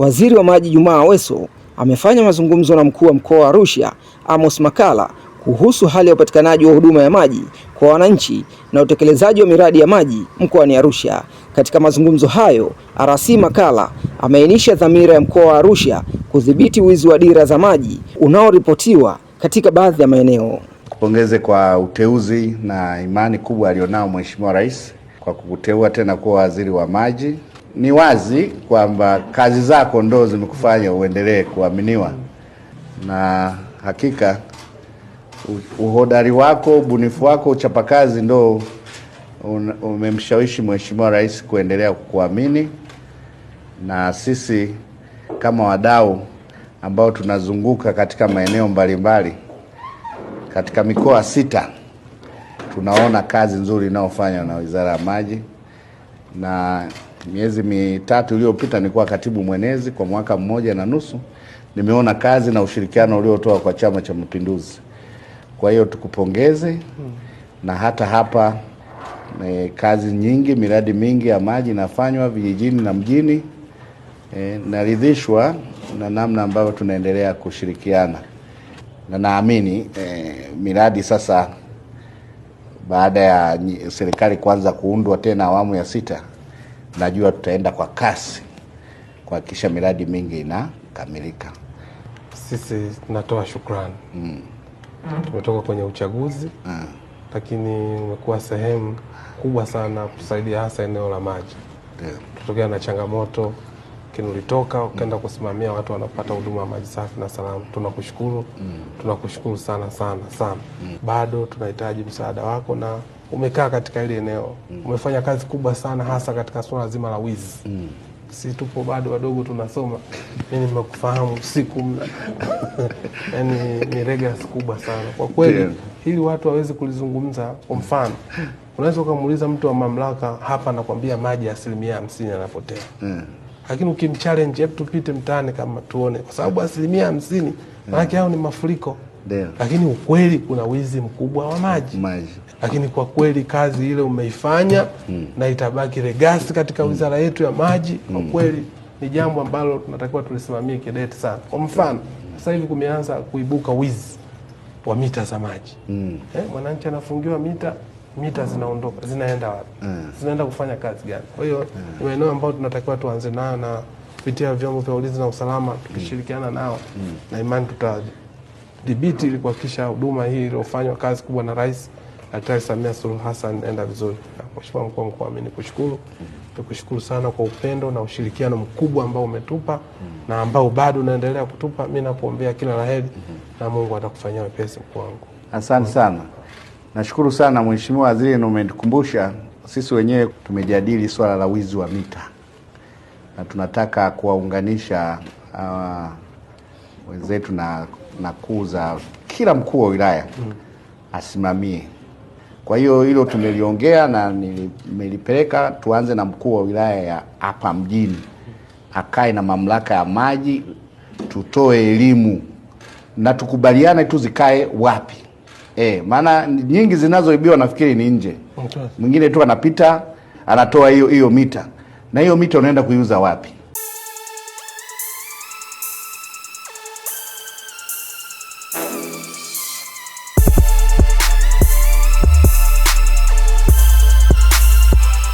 Waziri wa Maji Jumaa Aweso amefanya mazungumzo na mkuu wa mkoa wa Arusha Amos Makalla kuhusu hali ya upatikanaji wa huduma ya maji kwa wananchi na utekelezaji wa miradi ya maji mkoani Arusha. Katika mazungumzo hayo, RC Makalla ameainisha dhamira ya mkoa wa Arusha kudhibiti wizi wa dira za maji unaoripotiwa katika baadhi ya maeneo. Kupongeze kwa uteuzi na imani kubwa alionao Mheshimiwa Rais kwa kukuteua tena kuwa waziri wa maji ni wazi kwamba kazi zako ndo zimekufanya uendelee kuaminiwa, na hakika uhodari wako, ubunifu wako, uchapakazi ndo umemshawishi Mheshimiwa Rais kuendelea kukuamini, na sisi kama wadau ambao tunazunguka katika maeneo mbalimbali mbali, katika mikoa sita tunaona kazi nzuri inayofanywa na Wizara ya Maji na miezi mitatu iliyopita nilikuwa katibu mwenezi kwa mwaka mmoja na nusu. Nimeona kazi na ushirikiano uliotoa kwa Chama cha Mapinduzi. Kwa hiyo tukupongeze hmm. na hata hapa e, kazi nyingi, miradi mingi ya maji inafanywa vijijini na mjini. E, naridhishwa na namna ambavyo tunaendelea kushirikiana na naamini e, miradi sasa baada ya serikali kuanza kuundwa tena awamu ya sita najua tutaenda kwa kasi kuhakikisha miradi mingi inakamilika. Sisi tunatoa shukrani mm. Tumetoka kwenye uchaguzi mm. Lakini umekuwa sehemu kubwa sana kusaidia hasa eneo la maji yeah. Tutokea na changamoto lakini ulitoka ukaenda mm. kusimamia watu wanapata huduma ya maji safi na salama. Tunakushukuru mm. tunakushukuru sana sana sana mm. bado tunahitaji msaada wako na umekaa katika ile eneo mm. umefanya kazi kubwa sana, hasa katika suala zima la wizi mm. Si tupo bado wadogo tunasoma, mimi nimekufahamu siku mna yani ni legacy kubwa sana kwa kweli, ili watu waweze kulizungumza. Kwa mfano, unaweza ukamuuliza mtu wa mamlaka hapa, nakwambia maji asilimia hamsini yanapotea mm lakini ukimchallenge, hebu tupite mtaani kama tuone, kwa sababu asilimia hamsini manake ao ni mafuriko Deo. Lakini ukweli kuna wizi mkubwa wa maji, maji. Lakini kwa kweli kazi ile umeifanya mm. na itabaki legasi katika mm. wizara yetu ya maji kwa hmm. kweli ni jambo ambalo tunatakiwa tulisimamie kidete sana. Kwa mfano sasa hivi kumeanza kuibuka wizi wa mita za maji mm. eh, mwananchi anafungiwa mita mita zinaondoka zinaenda wapi? mm. zinaenda kufanya kazi gani? Kwa hiyo mm. maeneo ambayo tunatakiwa tuanze nayo na kupitia vyombo vya ulinzi na usalama tukishirikiana mm. nao mm. na imani tutadhibiti ili kuhakikisha huduma hii iliyofanywa kazi kubwa na Rais Daktari Samia Suluhu Hassan enda vizuri. Mheshimiwa Mkuu wa Mkoa, mimi nikushukuru tukushukuru mm. sana kwa upendo na ushirikiano mkubwa ambao umetupa mm. na ambao bado unaendelea kutupa. Mimi napoombea kila la heri mm -hmm. na Mungu atakufanyia wepesi mkuu wangu. Asante sana. Nashukuru sana Mheshimiwa Waziri, na umenikumbusha sisi wenyewe tumejadili swala la wizi wa mita na tunataka kuwaunganisha uh, wenzetu na, na za kila mkuu wa wilaya mm. asimamie. Kwa hiyo hilo tumeliongea na nimelipeleka, tuanze na mkuu wa wilaya ya hapa mjini akae na mamlaka ya maji, tutoe elimu na tukubaliane tu zikae wapi eh, maana nyingi zinazoibiwa nafikiri ni nje. Mwingine tu anapita anatoa hiyo hiyo mita, na hiyo mita unaenda kuiuza wapi?